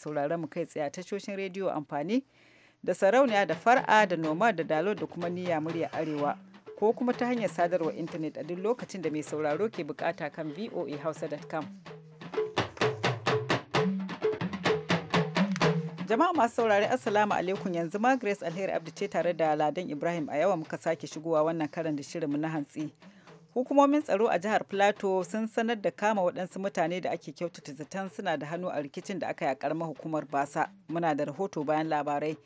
sauraron mu kai tsaye a tashoshin rediyo amfani da sarauniya da far'a da noma da dalo da kuma niyya murya arewa ko kuma ta hanyar sadarwar intanet a duk lokacin da mai sauraro ke bukata kan voahausa.com. jama'a masu saurari assalamu alaikum yanzu ma grace alheri abdu ce tare da ladan ibrahim a yawa muka sake shigowa wannan karan da shirinmu na hantsi hukumomin tsaro a jihar plateau sun sanar da kama waɗansu mutane da ake kyautata zaton suna da hannu a rikicin da aka yaƙar a hukumar basa muna da rahoto bayan labarai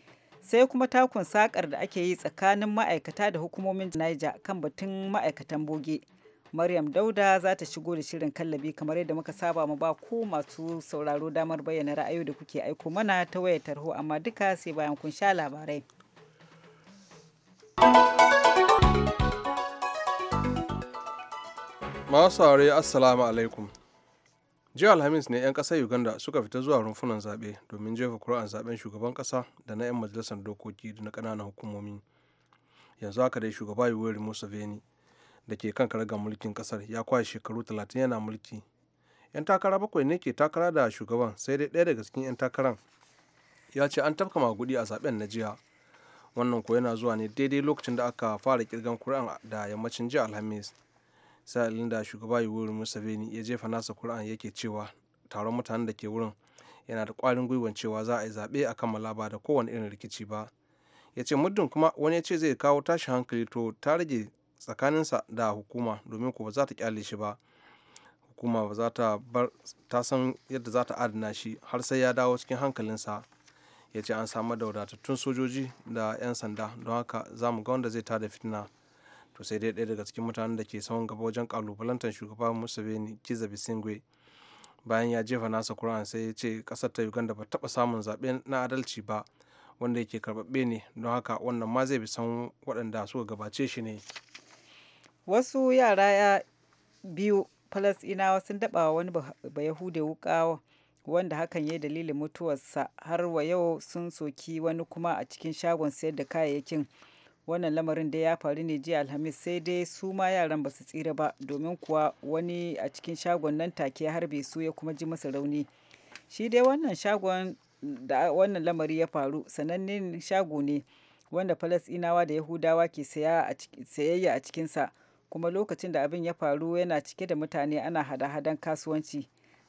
sai kuma takun sakar da ake yi tsakanin ma'aikata da hukumomin niger kan batun ma'aikatan boge maryam dauda za ta shigo da shirin kallabi kamar yadda muka saba mu ba ku masu sauraro damar bayyana ra'ayoyi da kuke aiko mana ta wayar tarho amma duka sai bayan kun sha labarai masu saurare assalamu alaikum jiya alhamis ne 'yan ƙasar uganda suka fita zuwa rumfunan zaɓe domin jefa kuri'an zaɓen shugaban ƙasa da na 'yan majalisar dokoki da na ƙananan hukumomi yanzu haka dai shugaba musa museveni da ke kan karagar mulkin ƙasar ya kwashe shekaru 30 yana mulki 'yan takara bakwai ne ke takara da shugaban sai dai ɗaya daga cikin 'yan takaran ya ce an tafka magudi a zaɓen na jiya wannan ko yana zuwa ne daidai lokacin da aka fara kirgan kuri'an da yammacin jiya alhamis sa'ilin da shugaba musa beni ya jefa nasa kur'an yake cewa taron mutanen da ke wurin yana da kwarin gwiwan cewa za a yi zaɓe a kammala ba da kowane irin rikici ba ya ce muddin kuma wani ya ce zai kawo tashin hankali to ta rage tsakaninsa da hukuma domin ba za ta kyale shi ba hukuma ba za ta bar ta san yadda za ta adana shi har sai ya dawo cikin hankalinsa ya ce an samar da wadatattun sojoji da 'yan sanda don haka za mu ga wanda zai tada fitina to sai dai ɗaya daga cikin mutanen da ke saman gaba wajen kalubalantar shugaba museveni kiza bisingwe bayan ya jefa nasa kuran sai ya ce ƙasar ta uganda ba taɓa samun zaɓe na adalci ba wanda yake karɓaɓɓe ne don haka wannan ma zai bi san waɗanda suka gabace shi ne wasu yara ya biyu falasɗinawa sun daɓa wani bayahude wuƙa wanda hakan ya yi dalilin mutuwarsa har wa yau sun soki wani kuma a cikin shagon sayar da kayayyakin wannan lamarin da ya faru ne jiya alhamis sai dai su ma yaran ba su tsira ba domin kuwa wani a cikin shagon nan take harbe su ya kuma ji masa rauni shi dai wannan shagon da wannan lamari ya faru sanannen shago ne wanda falasinawa da yahudawa ke sayayya a cikinsa kuma lokacin da abin ya faru yana cike da mutane ana hada-hadan kasuwanci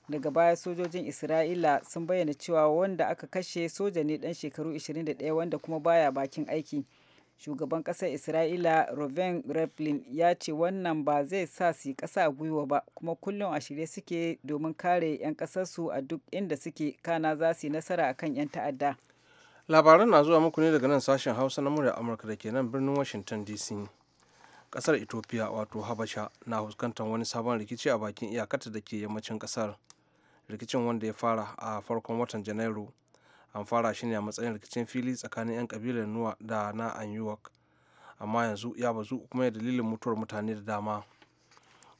daga baya sojojin isra'ila sun bayyana cewa wanda aka kashe soja ne dan shekaru 21 wanda kuma baya bakin aiki shugaban ƙasar isra'ila roven rivlin ya ce wannan ba zai sa su yi ƙasa gwiwa ba kuma kullum a shirye suke domin kare 'yan ƙasarsu a duk inda suke kana za su yi nasara akan 'yan ta'adda labaran na zuwa muku ne daga nan sashen hausa na murya amurka da ke nan birnin washington dc kasar ethiopia wato habasha na fuskantar wani sabon rikici a bakin iyakata da ke yammacin kasar rikicin wanda ya fara a farkon watan janairu an fara shi ne a matsayin rikicin fili tsakanin 'yan kabilar nuwa da na anyuwak amma yanzu ya bazu kuma ya dalilin mutuwar mutane da dama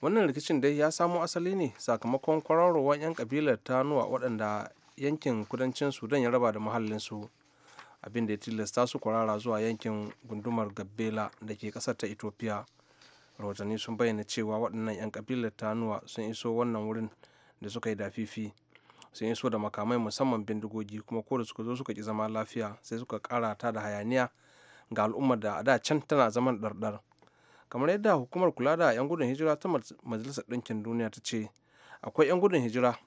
wannan rikicin dai ya samo asali ne sakamakon kwararowar 'yan kabilar ta nuwa waɗanda yankin kudancin sudan ya raba da muhallinsu abin da ya tilasta su kwarara zuwa yankin gundumar gabbela da ke ƙasar ta ethiopia rahotanni sun bayyana cewa waɗannan 'yan kabilar nuwa sun iso wannan wurin da suka yi dafifi sun iso da makamai musamman bindigogi kuma ko da suka zo suka ki zama lafiya sai suka kara ta da hayaniya ga al'ummar da a da can tana zaman ɗarɗar kamar yadda hukumar kula da 'yan gudun hijira ta majalisar ɗinkin duniya ta ce akwai 'yan gudun hijira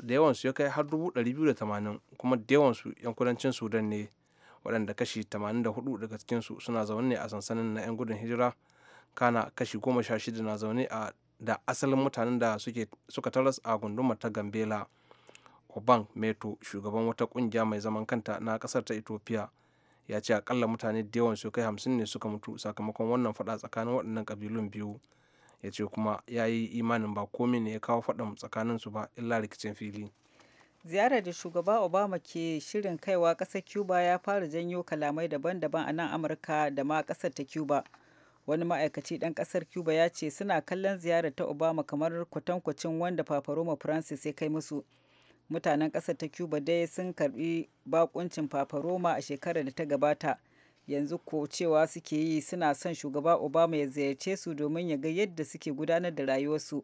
da yawansu ya kai har dubu ɗari biyu da tamanin kuma da yawansu 'yan kudancin sudan ne waɗanda kashi tamanin da hudu daga cikinsu suna zaune a sansanin na 'yan gudun hijira kana kashi goma sha shida na zaune a da asalin mutanen da suka taras a gundumar ta gambela oban meto shugaban wata kungiya mai zaman kanta na kasar ta ethiopia ya ce akalla mutane da yawan su kai hamsin ne suka mutu sakamakon wannan fada tsakanin waɗannan kabilun biyu ya ce kuma ya yi imanin ba komai ne ya kawo faɗan tsakanin su ba illa rikicin fili ziyarar da shugaba obama ke shirin kaiwa ƙasar cuba ya fara janyo kalamai daban-daban a nan amurka da ma ƙasar ta cuba wani ma'aikaci ɗan ƙasar cuba ya ce suna kallon ziyarar ta obama kamar kwatankwacin wanda paparoma francis ya kai musu mutanen ƙasar ta cuba dai sun karbi bakuncin fafaroma a shekarar da ta gabata yanzu ko cewa suke yi suna son shugaba obama ya ziyarce su domin ya ga yadda suke gudanar da rayuwarsu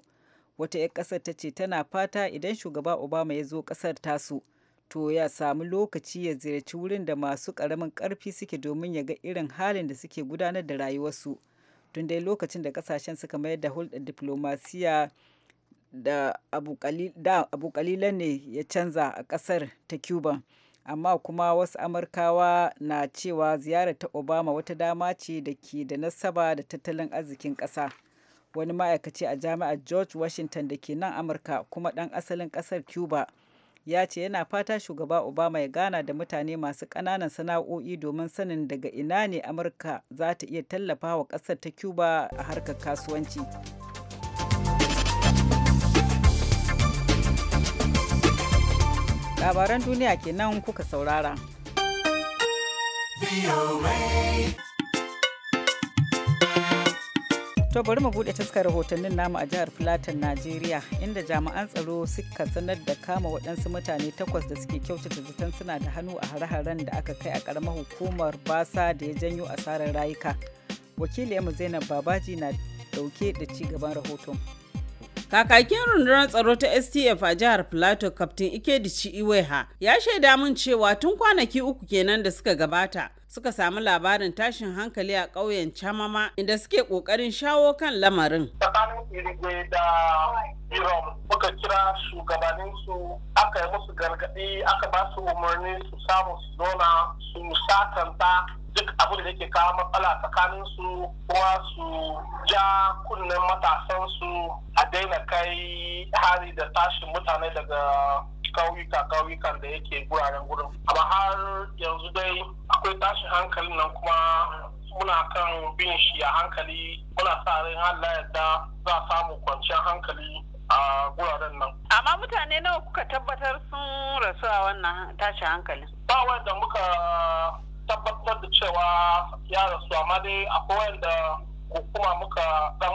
wata 'yan ƙasar ta ce tana fata idan shugaba obama ya zo ƙasar tasu to ya samu lokaci ya ziyarci wurin da masu ƙaramin ƙarfi suke domin ya ga irin halin da suke gudanar da rayuwarsu tun dai lokacin da ƙasashen suka mayar da hulɗar diflomasiyya. da abu kalilan ne ya canza a kasar ta cuba amma kuma wasu amurkawa na cewa ziyarar ta obama wata dama ce da ke da nasaba da tattalin arzikin ƙasa wani ma'aikaci a jami'ar george washington da ke nan amurka kuma ɗan asalin ƙasar cuba ya ce yana fata shugaba obama ya gana da mutane masu ƙananan sana'o'i domin sanin daga ina ne amurka za ta iya tallafa wa ƙasar ta cuba a harkar kasuwanci labaran duniya kenan kuka saurara. To bari mu bude taskar rahotannin namu a jihar Filatan Najeriya inda jami'an tsaro suka sanar da kama waɗansu mutane takwas da suke kyautata zaton suna da hannu a hare-haren da aka kai a ƙaramar hukumar basa da ya janyo asarar rayuka. Wakiliyarmu Zainab Babaji na dauke da ci gaban rahoton. Kakakin rundunar tsaro ta STF a jihar Plateau Captain Ikedici Iweha ya shaida mun cewa tun kwanaki uku kenan da suka gabata suka samu labarin tashin hankali a ƙauyen camama inda suke ƙoƙarin shawo kan lamarin. Tsakanin da muka kira shugabanninsu aka yi musu gargaɗi aka ba su umarni su samu su zona su satanta duk abin da ke kawo matsala tsakanin su kuma su ja kunnen matasan su a daina kai hari da tashin mutane daga kauyuka kauyukan da yake guraren gurin amma har yanzu dai akwai tashin hankalin nan kuma muna kan bin shi a hankali muna sa rai Allah yadda za a samu kwanciyar hankali a guraren nan. Amma mutane nawa kuka tabbatar sun rasu a wannan tashin hankalin? Ba wanda muka tabbatar da cewa ya rasu amma dai akwai wanda hukuma muka dan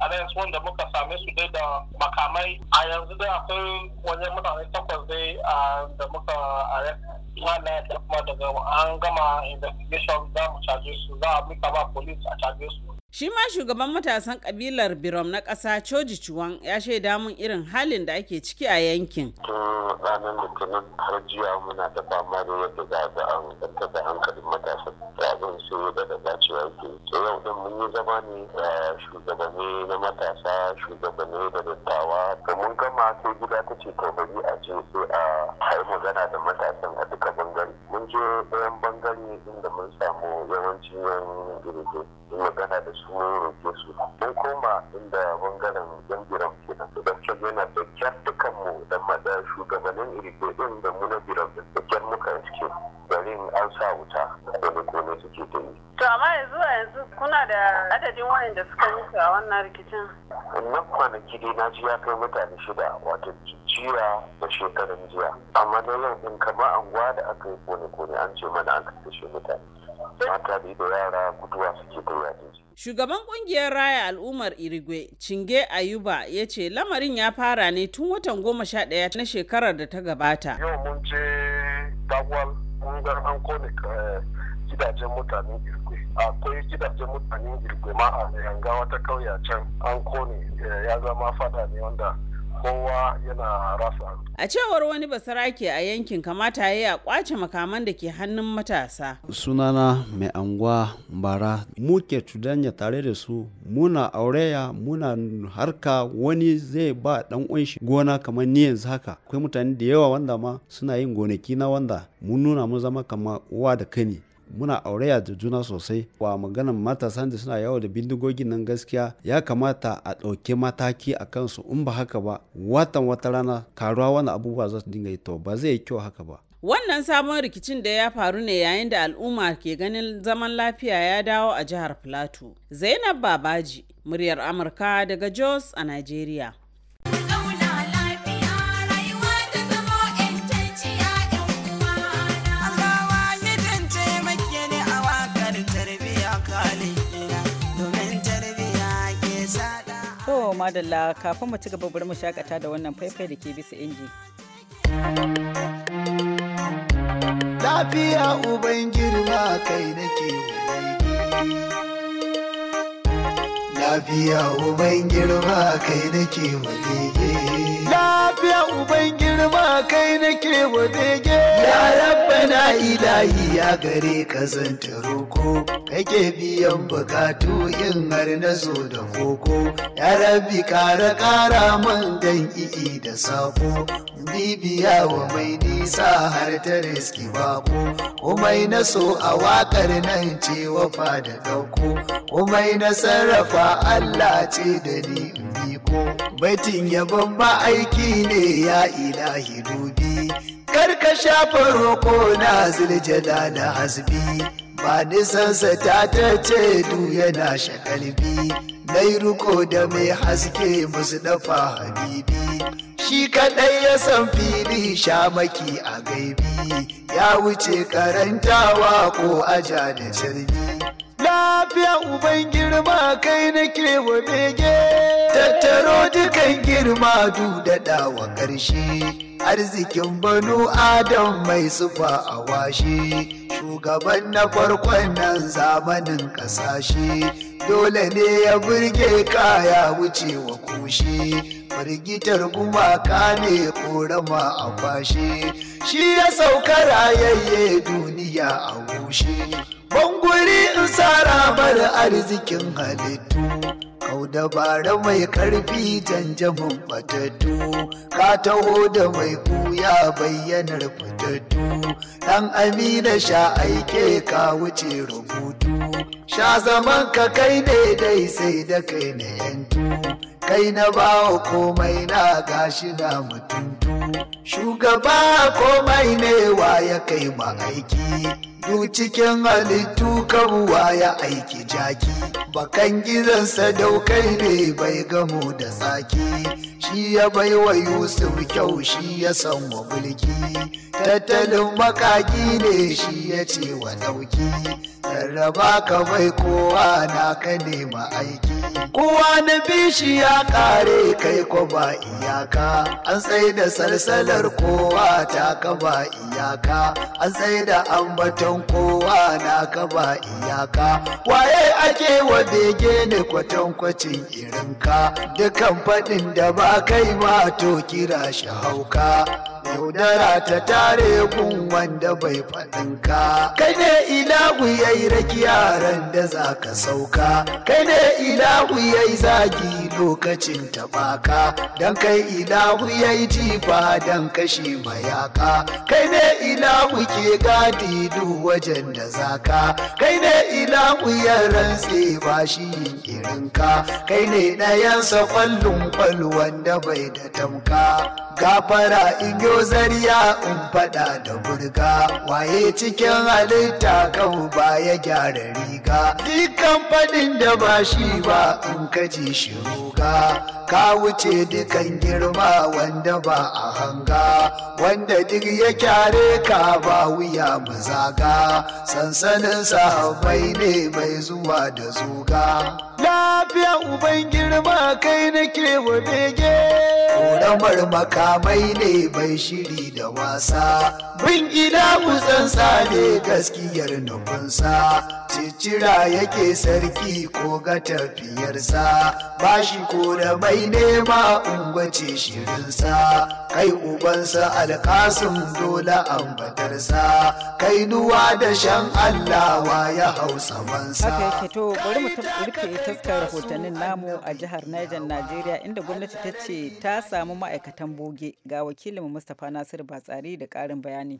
arrest wanda muka same su dai da makamai a yanzu dai akwai wani mutane takwas dai ah, da muka arrest Allah da kuma daga an gama investigation za mu caje su za a mika ba police a caje su. Shi ma shugaban matasan kabilar Birom na ƙasa Choji Chuwan ya shaida mun irin halin da ake ciki a yankin. Tun ranar Litinin har jiya muna da fama da yadda za a an da hankalin matasan da abin su da da dacewa ke. To yau din mun yi zama ne da eh, shugabanni na matasa shugabanni da dattawa. Da mun gama sai gida ta ce to bari a je sai a har magana da matasan a duk duka bangare mun je bayan bangare inda mun samu yawancin yan girgi in magana da su mun roƙe su mun koma inda bangaren yan biram ke da gaskiya yana da kyar dukan mu da maɗa shugabannin irige din da muna na biram da kyar muka ciki. garin an sa wuta da kone suke ta yi. to amma yanzu a yanzu kuna da adadin wayanda suka mutu a wannan rikicin. nan kwanaki dai na ji ya kai mutane shida wato jiya da shekaran jiya amma na yau in kama an da aka yi kone kone an ce mana an kashe mutane mata da ido yara guduwa suke ta yaƙi Shugaban kungiyar raya al'ummar Irigwe, Cinge Ayuba, ya ce lamarin ya fara ne tun watan goma sha ɗaya na shekarar da ta gabata. Yau mun je Dagwal, mun ga an kone eh, gidajen mutanen Irigwe. Akwai gidajen mutanen Irigwe ma a yanga wata kauya can an kone eh, ya zama fada ne wanda kowa yana rasa a cewar wani basarake a yankin kamata ya yi a kwace makaman da ke hannun matasa sunana mai anguwa bara muke cudanya tare da su muna aureya muna harka wani zai ba dan unshi gona kamar ni yanzu haka akwai mutane da yawa wanda ma suna yin gonaki na wanda mun nuna mu zama kamar uwa da kani muna auraya da juna sosai wa maganan matasan da suna yawo da bindigogin nan gaskiya ya kamata a ɗauki mataki a kansu in ba haka ba watan wata rana karuwa wani abubuwa za su dinga yi to ba zai yi kyau haka ba wannan sabon rikicin da ya faru ne yayin da al'umma ke ganin zaman lafiya ya dawo a jihar plateau zainab babaji muryar amurka daga jos a nigeria madalla kafin mu ci gaba bari mu shakata da wannan faifai da ke bisa inji. Lafiya uban girma kai nake Lafiya uban girma kai nake walege. lafiya uban girma kai nake wa ya ya na ilahi ya gare ka zanta roko kake biyan bukatu in har na zo da koko ya rabbi kara kara man dan i'i da sako bibiya wa mai nisa har ta riski bako kumai na so a wakar nan ce wafa da dauko kumai na sarrafa Allah ce da ni yabo baitin ya aiki ne ya ilahi dubi karka shafa roko na ziljada da hasbi ba nisansa ta ta ce du yana shakalbi dai ruko da mai haske musu dafa habibi shi kaɗai ya san fili shamaki a gaibi ya wuce karantawa ko aja da jirgi lafiya uban girma kai nake wa bege tattaro dukan girma dudada wa ƙarshe arzikin banu adam mai sufa a washe shugaban na farkon nan zamanin kasashe dole ne ya burge kaya wuce wa kushe firgitar gumaka ne korama a fashe shi ya sauka rayayye duniya a gushe banguri in bar arzikin halittu kau dabara mai karfi janjamin fatattu ka taho da mai kuya bayyanar fatattu dan amina sha aike ka wuce rubutu sha zaman ka kai daidai sai da kai na yantu kai na bawa komai na gashi na mutuntu shugaba komai ne wa ya kai ma aiki duk cikin halittu kabuwa ya aiki jaki bakan gizansa daukai ne bai gamo da tsaki shi ya bai wa yusuf kyau shi ya san wa bulki. tattalin makaki ne shi ya ce wa dauki rarraba ka bai kowa na ka nema aiki kowa na bishi ya kare kai ko ba iyaka an tsaye da salsalar kowa ta kaba iyaka an tsaye da ambaton kowa na kaba iyaka waye ake wa bege ne kwatankwacin irinka dukan faɗin da ba kai ma to kira shi hauka yaudara ta tare gun wanda bai faɗinka kai ne ilahu yayi raki yaran da za ka sauka kai ne ilahu yayi zagi lokacin taɓaka Dan kai ilahu ya yi jifa don kashe mayaka kai ne ilahu ke gadi duk wajen da zaka kai ne ilahu ya rantse ba shi irinka kai ne ɗayansa kwallon kwal wanda bai da tamka gafara yo zariya in faɗa da burga waye cikin halitta kan ba ya gyara riga dukkan faɗin da ba shi ba in kaji shiru hanga ka wuce dukan girma wanda ba a hanga wanda duk ya kyare ka ba wuya mu zaga sansanin sahabbai ne mai zuwa da zuga lafiya uban girma kai nake wa bege ƙoramar makamai ne bai shiri da wasa bin gida sa ne gaskiyar nufinsa cicira yake sarki ko ga tafiyarsa ba shi mai nema ungwace shirinsa kai ubansa alkasim dole ambatarsa kai nuwa da shan allawa ya hausa mansa. to taskar rahotannin namu a jihar Niger Najeriya inda gwamnati ta ce ta samu ma'aikatan boge ga wakilin Mustapha Nasiru Batsari da karin bayani.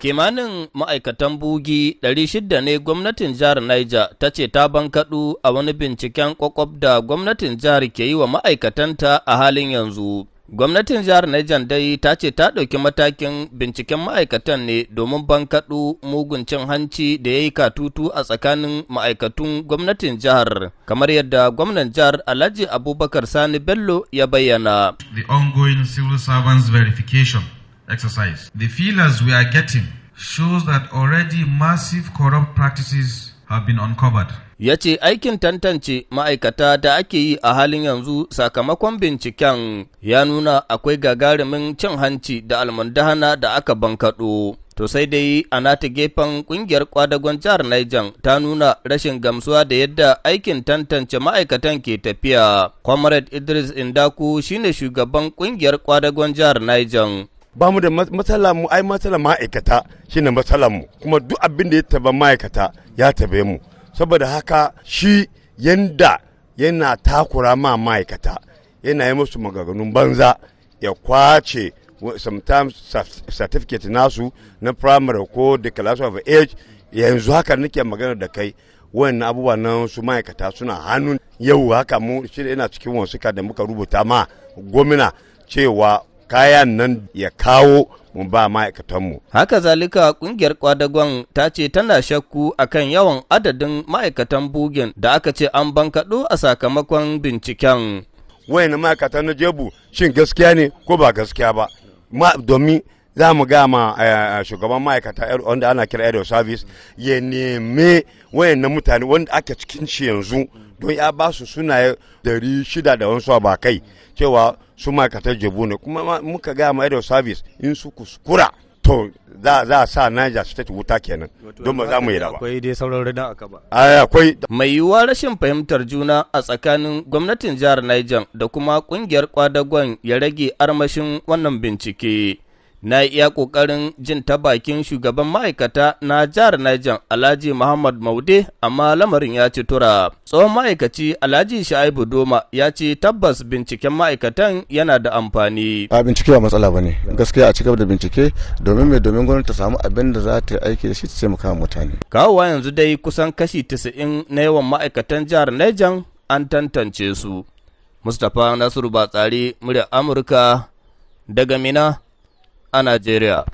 Kimanin ma'aikatan bugi 600 ne gwamnatin jihar Niger ta ce ta bankaɗu a wani binciken kwakwab da gwamnatin jihar ke yi wa ma'aikatanta a halin yanzu. Gwamnatin jihar Niger dai ta ce ta ɗauki matakin binciken ma'aikatan ne domin bankaɗo mugun cin hanci da ya yi katutu a tsakanin ma'aikatun gwamnatin jihar, kamar yadda gwamnan jihar Alhaji Abubakar Sani Bello ya bayyana. The ongoing civil servants verification exercise. The feelers we are getting shows that already massive corrupt practices have been uncovered. ya ce aikin tantance ma'aikata da ake yi a halin yanzu sakamakon binciken ya nuna akwai gagarumin cin hanci da almundahana da aka bankado To sai dai a nata gefen ƙungiyar kwadagon jihar Niger ta nuna rashin gamsuwa da yadda aikin tantance ma'aikatan ke tafiya. Comrade Idris Indaku shine shugaban kungiyar kwadagon jihar Niger. Ba mu da matsala mu ai matsala ma'aikata shine matsala mu kuma duk abin da ya taba ma'aikata ya tabe mu saboda haka shi yanda yana takura ma ma'aikata yana yi musu magaganun banza ya kwace sometimes certificate nasu na primary ko declaration of age yanzu haka nake magana da kai wannan abubuwa na su ma'aikata suna hannun yau haka mu shi yana cikin wasu da muka rubuta ma gwamna cewa kayan nan ya kawo mu ba ma'aikatanmu. Haka zalika kungiyar kwadagon ta ce tana shakku akan yawan adadin ma'aikatan bugin da aka ce an bankaɗo a sakamakon binciken. Wayan ma'aikatan na jebu shin gaskiya ne ko ba gaskiya ba? Ma domin za mu ga ma eh, shugaban ma'aikata wanda ana kira aero service ya neme wayannan mutane wanda ake cikin shi yanzu don ya ba su sunaye dari shida da wasu ba kai cewa su ma'aikatar jebu ne kuma muka ga ma aero service in su kuskura to za a sa Niger State wuta kenan don ba za mu yi da ba. Akwai dai sauran rida aka ba. Akwai. Mai yiwuwa rashin fahimtar juna a tsakanin gwamnatin jihar Niger da kuma kungiyar kwadagon ya rage armashin wannan bincike. na iya ƙoƙarin jin ta bakin shugaban ma'aikata na jihar Niger Alhaji Muhammad Maude amma lamarin ya ci tura. Tsohon ma'aikaci Alhaji Sha'ibu Doma ya ce tabbas binciken ma'aikatan yana da amfani. A bincike ba matsala ba ne gaskiya a cigaba da bincike domin mai domin gwamnati ta samu abin da za ta yi aiki da shi ta taimaka mutane. Kawowa yanzu dai kusan kashi 90 na yawan ma'aikatan jihar Niger an tantance su. Mustapha Nasiru Batsari, murya Amurka daga Mina. a nigeria.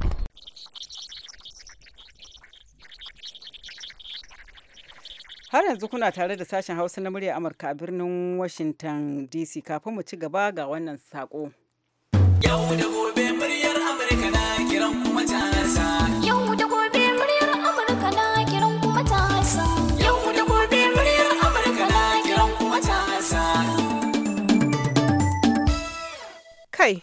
Har yanzu kuna tare da sashen Hausa na murya Amurka a birnin Washington DC kafin mu ci gaba ga wannan sako. Yau da gobe muryar Amurka na kiran kuma ta Yau da gobe muryar Amurka na kiran kuma ta Yau da gobe muryar Amurka na kiran kuma ta Kai,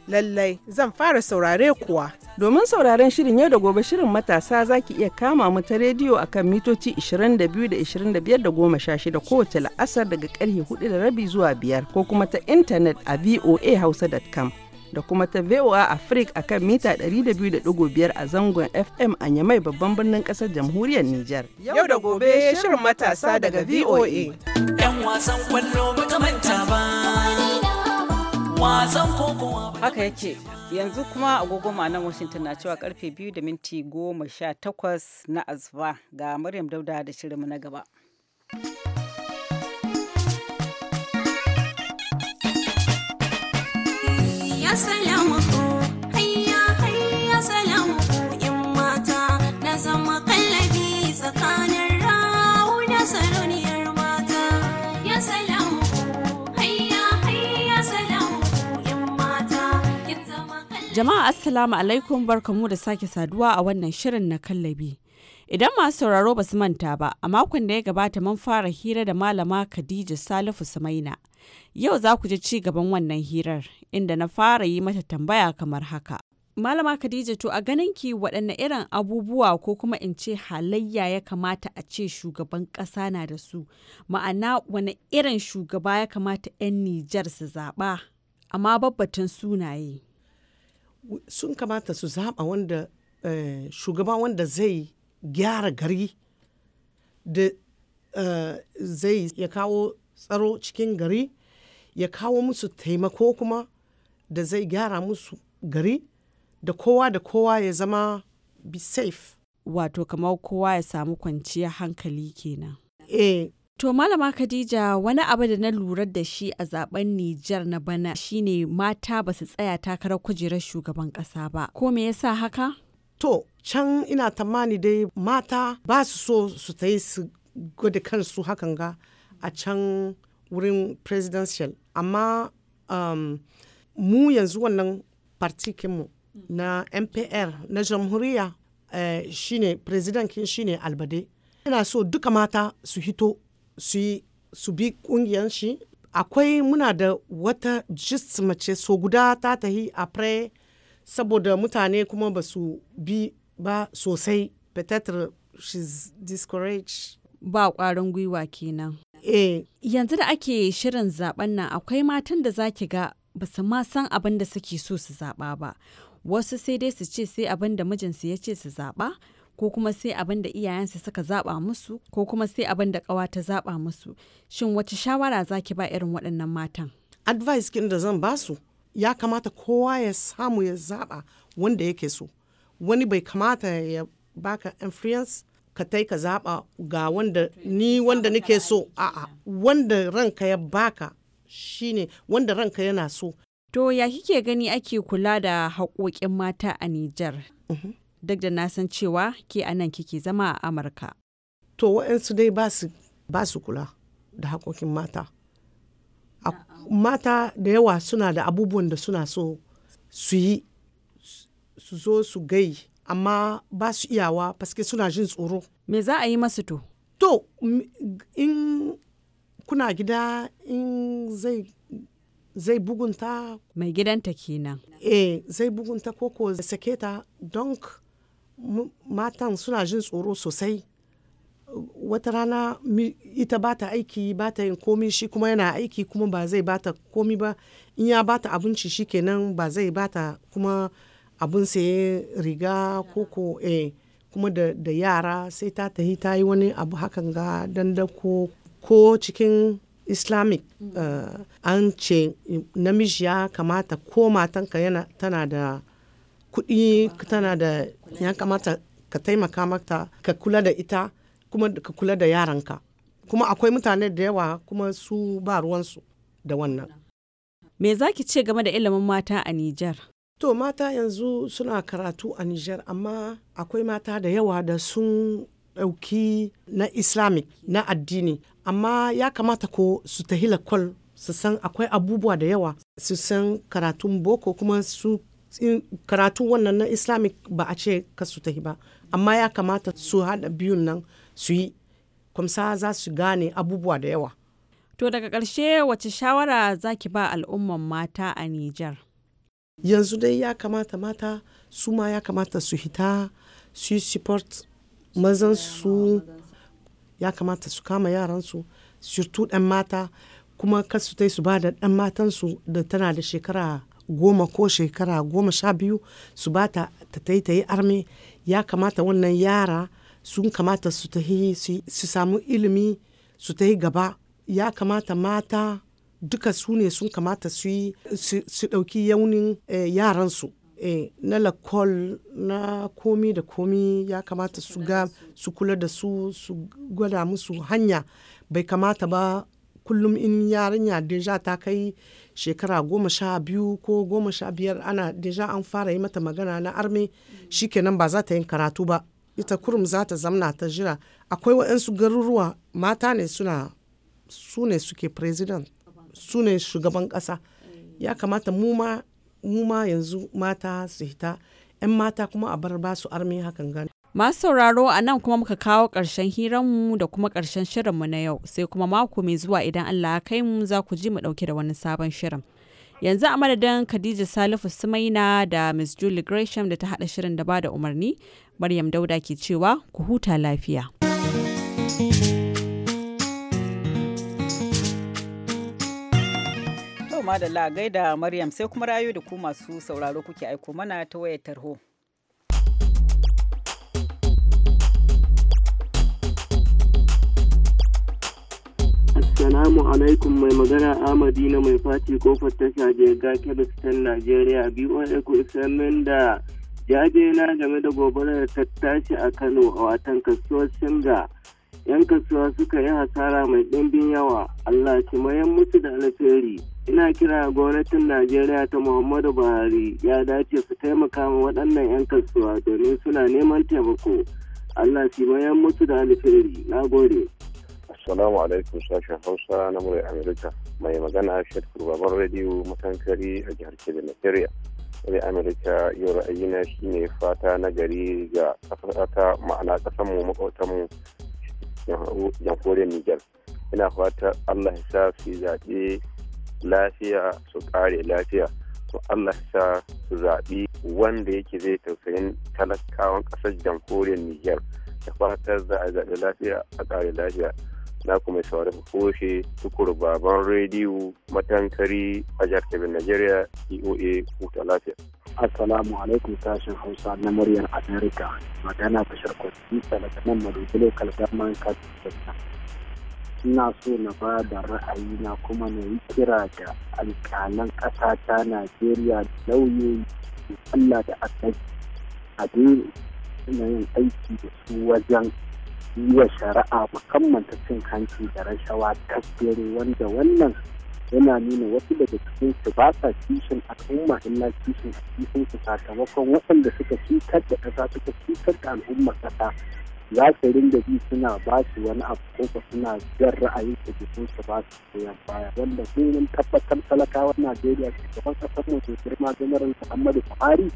Lallai zan fara saurare kuwa. Domin sauraren shirin yau da gobe shirin matasa za ki iya kama mu ta rediyo a kan mitoci 22 da 25 16 kowace la'asar daga karfe 4 da rabi zuwa biyar ko kuma ta intanet a voahausa.com. da kuma ta VOA Africa a kan mita 200.5 a zangon FM a Nyamai babban birnin kasar jamhuriyar Nijar. Yau da gobe shirin matasa daga VOA. 'Yan wasan kwallo ba ka manta ba. haka yake yanzu kuma agogo nan washington na cewa karfe biyu da minti goma sha takwas na asuba ga maryam dauda da shirinmu na gaba ya Jama'a Assalamu alaikum barkamu da sake saduwa a wannan shirin na kallabi. Idan masu sauraro ba su manta ba, a makon da ya gabata mun fara hira da malama Khadija Salifu Sumaina. Yau za ku ji ci gaban wannan hirar, inda na fara yi mata tambaya kamar haka. Malama Khadija to a ki waɗanne irin abubuwa ko kuma in ce halayya ya kamata a ce shugaban ƙasa na da su, ma'ana wani irin shugaba ya kamata 'yan Nijar su zaɓa, amma babbatun sunaye. sun kamata su zaɓa wanda eh, shugaba wanda zai gyara gari da eh, zai ya kawo tsaro cikin gari ya kawo musu taimako kuma da zai gyara musu gari da kowa da kowa ya zama be safe wato kamar kowa ya samu kwanciyar hankali kenan eh To Malama Khadija wani abu da na lura da shi a zaben Nijar na bana shine mata ba su tsaya takarar kujerar shugaban kasa ba. Ko me yasa haka? To can ina tamani dai mata ba su so su ta yi su gwada kansu hakan ga a can wurin presidential. Amma um, mu yanzu wannan partikinmu na MPR na jamhuriya eh, shine president shine albade. Ina so duka mata su hito su yi su bi ƙungiyar shi akwai muna da wata gist mace so guda ta tahi a pre saboda mutane kuma ba su bi ba sosai petetra she's discouraged ba kwarin gwiwa kenan eh yanzu da ake shirin zaben nan akwai matan da zaki ga ba su ma san abin da suke so su zaba ba wasu sai dai su ce sai abin da mijinsu ya ce su zaba ko kuma sai abin da iyayensu suka zaba musu ko kuma sai abin da kawa ta zaba musu shin wace shawara zaki ba irin waɗannan matan advice kin da zan basu ya kamata kowa ya samu ya zaba wanda yake so wani bai kamata ya baka influence ka tai ka zaba ga wanda ni wanda nake so a'a wanda ranka ya baka shine wanda ranka yana so to ya kike gani ake kula da haƙoƙin mata a Nijar? Mhm. duk da na san cewa ke anan kike zama a amurka to waɗansu dai ba su kula da haƙoƙin mata mata da yawa suna da abubuwan da suna so su yi su zo su gai amma ba su iyawa paske suna jin tsoro me za a yi masu to to in kuna gida in zai zai bugunta mai gidanta kenan eh zai bugunta koko sake ta don matan suna jin tsoro sosai wata rana ita ba ta aiki ba ta yin komi shi kuma yana aiki kuma ba zai ba ta komi ba in ya ba ta abinci shi kenan ba zai ba ta kuma abin saye riga koko eh kuma da, yara sai ta tahi ta yi wani abu hakan ga dandako ko cikin islamic uh, an ce namiji ya kamata ko matanka yana tana da kuɗi tana da ya kamata ka taimaka mata ka kula da ita kuma ka kula da yaranka kuma akwai mutane da yawa kuma su ba ruwansu da wannan me za ki ce game da ilimin mata a Nijar? to mata yanzu suna karatu a Nijar amma akwai mata da yawa da sun ɗauki na islamic na addini amma ya kamata ko su tahila kwal su san akwai abubuwa da yawa su san karatun boko kuma su karatun wannan na islamic ba a ce ka su ba amma ya kamata su haɗa biyun nan su yi kwamsa za su gane abubuwa da yawa to daga ƙarshe wace shawara za ki ba al'umman mata a nijar yanzu dai ya kamata mata su ma ya kamata su hita su yi support mazan su ya kamata su kama yaransu surtu ɗan mata kuma kasu su ba da ɗan matansu da tana da shekara goma ko shekara goma sha biyu su ba ta ta yi arme ya kamata wannan yara sun kamata su tahi su samu ilimi su tahi gaba ya kamata mata duka su ne sun kamata su yi su ɗauki yaunin eh, yaransu eh, na lakol na komi da komi ya kamata su ga su kula da su su gwada musu hanya bai kamata ba kullum in yarinya deja ta kai shekara goma sha biyu ko goma sha biyar ana deja an fara yi mata magana na armi shikenan ba za ta yin karatu ba ita kurum za ta zamna ta jira akwai waɗansu garuruwa mata ne suna su ne suke president su ne shugaban ƙasa ya kamata mu ma yanzu mata su hita 'yan mata kuma a bar ba su armi hakan gani Masu sauraro a nan kuma muka kawo ƙarshen hiranmu da kuma ƙarshen shirinmu na yau sai kuma mako mai zuwa idan Allah ya kai mu za ku ji mu ɗauke da wani sabon shirin. Yanzu a madadin Khadija Salifu Sumaina da Miss Julie Gresham da ta haɗa shirin da ba da umarni, Maryam Dauda ke cewa ku huta lafiya. Yau da lagai da Maryam sai kuma rayu da ku masu sauraro kuke aiko mana ta wayar tarho. Salamu alaikum mai magana Amadi na mai fati kofar tasha jirga Kebistan Najeriya BOA ku isamin da jaje na game da gobarar ta tashi a Kano a watan kasuwar Singa. Yan kasuwa suka yi hasara mai ɗimbin yawa, Allah ki mayan musu da alfairi. Ina kira gwamnatin Najeriya ta Muhammadu Buhari ya dace su taimaka ma waɗannan 'yan kasuwa domin suna neman taimako. Allah ki mayan musu da alfairi. Na gode. Assalamu alaikum sashen Hausa na murya Amerika. Mai magana Shadkur Baban Radio Matankari a jihar Kebbi, Nigeria. Murya Amerika yau ra'ayina shine fata na gari ga ƙasar ma'ana ƙasarmu makwautanmu jamhuriyar Nijar. Ina fata Allah ya sa su zaɓe lafiya su ƙare lafiya. To Allah ya sa su zaɓi wanda yake zai tausayin talakawan ƙasar jamhuriyar Nijar. Da fatar za a zaɓi lafiya a ƙare lafiya. na kuma saurin koshe tukur baban rediyo matankari a jihar kebbi nigeria coa e huta lafiya assalamu alaikum sashen hausa na muryar america magana bashar kwasi salatanan madogilo kalgarman kasar ina so na ba da ra'ayi na kuma na yi kira da alƙalan ƙasa ta najeriya lauyoyi Allah da a suna yin aiki da su wajen yi wa shari'a musamman ta cin hanci da rashawa tasiri wanda wannan yana nuna wasu daga cikin su ba sa kishin al'umma illa kishin cikin su sakamakon waɗanda suka cutar da ƙasa suka cutar da al'umma ƙasa za su ringa bi suna ba su wani abu ko suna jan ra'ayin su jikin su ba su koyan baya wanda mun tabbatar talakawan najeriya shugaban kasar mu to girma general muhammadu buhari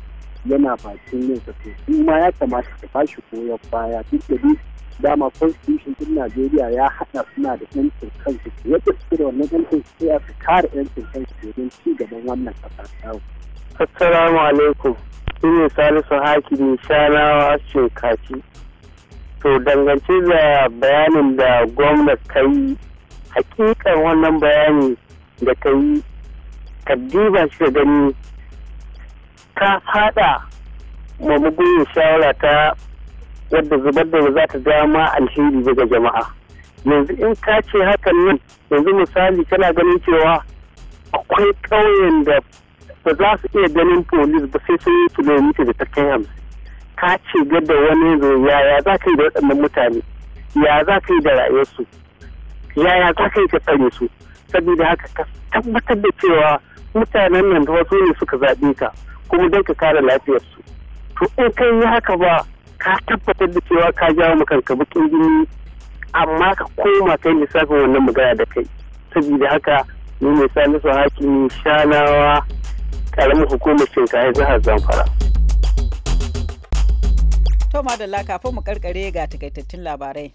yana bakin yin sa to su ma ya kamata su ba shi koyan baya duk da duk dama constitution din najeriya ya haɗa suna da yancin kansu yadda suke da wannan yancin ya su kare yancin kansu domin ci gaban wannan tawo. assalamu alaikum shi Salisu salisu hakimi shanawa Shekaci? to dangance da bayanin da gwamnati ta yi hakikan wannan bayani da ta yi kaddiba shi da gani ta hada mamugoyin shawara ta wadda zubar da za ta dama alheri daga jama'a yanzu in ka ce hakan nan yanzu misali kana ganin cewa akwai ƙauyen da ba za su iya ganin polis ba sai sun yi kilomita da takken hamsin ka ce wani zoya yaya za ka yi da waɗannan mutane ya za ka yi da rayuwarsu yaya za ka yi ka tsare su saboda haka ka tabbatar da cewa mutanen nan wasu ne suka zaɓe ka kuma don ka kare lafiyarsu to in kai yi haka ba ka tabbatar da cewa ka jawo wa kanka bakin jini amma ka koma kai lissafin wannan magana da kai saboda haka ni ne sani su hakimi shanawa ƙaramin hukumar shinkaye jihar zamfara. To madalla kafin mu karkare ga takaitattun labarai.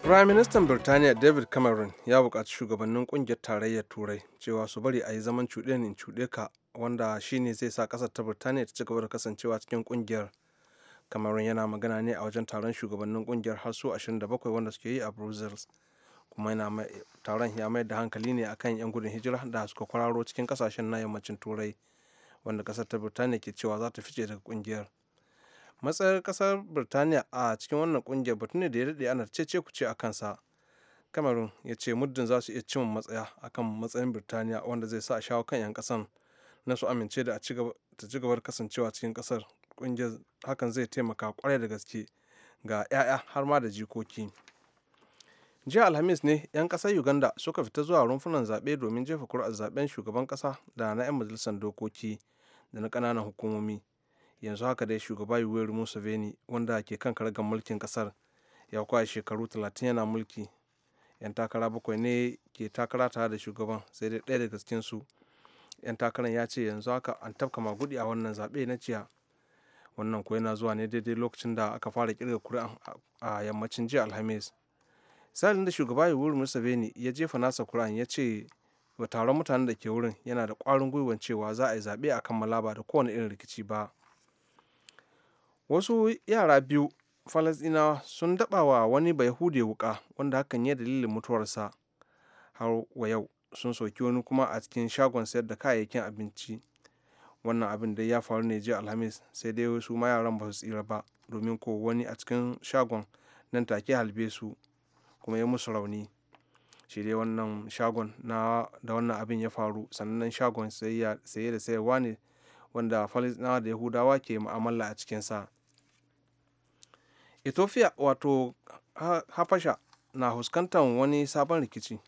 Prime Minister Birtaniya David Cameron ya buƙaci shugabannin ƙungiyar tarayyar Turai cewa su bari a yi zaman cuɗe ne cuɗe ka wanda shine zai sa ƙasar ta Birtaniya ta ci gaba da kasancewa cikin kungiyar Cameron yana magana ne a wajen taron shugabannin ƙungiyar har su 27 wanda suke yi a Brussels kuma yana taron ya mayar da hankali ne akan 'yan gudun hijira da suka kwararo cikin kasashen na yammacin turai wanda kasar ta birtaniya ke cewa za ta fice daga kungiyar matsayar kasar birtaniya a cikin wannan kungiyar batu ne da ya daɗe ana cece ce a kansa cameroon ya ce muddin za su iya cin matsaya akan matsayin birtaniya wanda zai sa a shawo kan 'yan kasan na su amince da ta ci gaba kasancewa cikin kasar kungiyar hakan zai taimaka kwarai da gaske ga 'ya'ya har ma da jikoki jiya alhamis ne 'yan kasar uganda suka fita zuwa rumfunan zaɓe domin jefa kuri'ar zaɓen shugaban ƙasa da na 'yan majalisar dokoki da na ƙananan hukumomi yanzu haka dai shugaba yuweri museveni wanda ke kan karagar mulkin ƙasar ya kwaya shekaru 30 yana mulki 'yan takara bakwai ne ke takara tare da shugaban sai dai ɗaya daga su 'yan takaran ya ce yanzu haka an tafka magudi a wannan zaɓe na jiya wannan kuwa yana zuwa ne daidai lokacin da aka fara kirga kuri'an a yammacin jiya alhamis sa'ilin da shugaba yoweri museveni ya jefa nasa kuran ya ce wa taron mutanen da ke wurin yana da ƙwarin gwiwan cewa za a yi zaɓe a kammala ba da kowane irin rikici ba wasu yara biyu falasɗina sun daɓa wa wani bayahude wuka wanda hakan ya dalilin mutuwarsa har wa yau sun soki wani kuma a cikin shagon sayar da kayayyakin abinci wannan abin dai ya faru ne jiya alhamis sai dai su ma yaran ba su tsira ba domin ko wani a cikin shagon nan take halbe su kuma ya musu rauni shi dai wannan shagon na da wannan abin ya faru sannan shagon saye da sayarwa ne wanda falisdinawa da yahudawa ke ma'amala a cikinsa ethiopia wato hafasha na fuskantar wani sabon rikici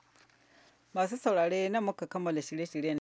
masu saurare na muka kammala shirye-shiryen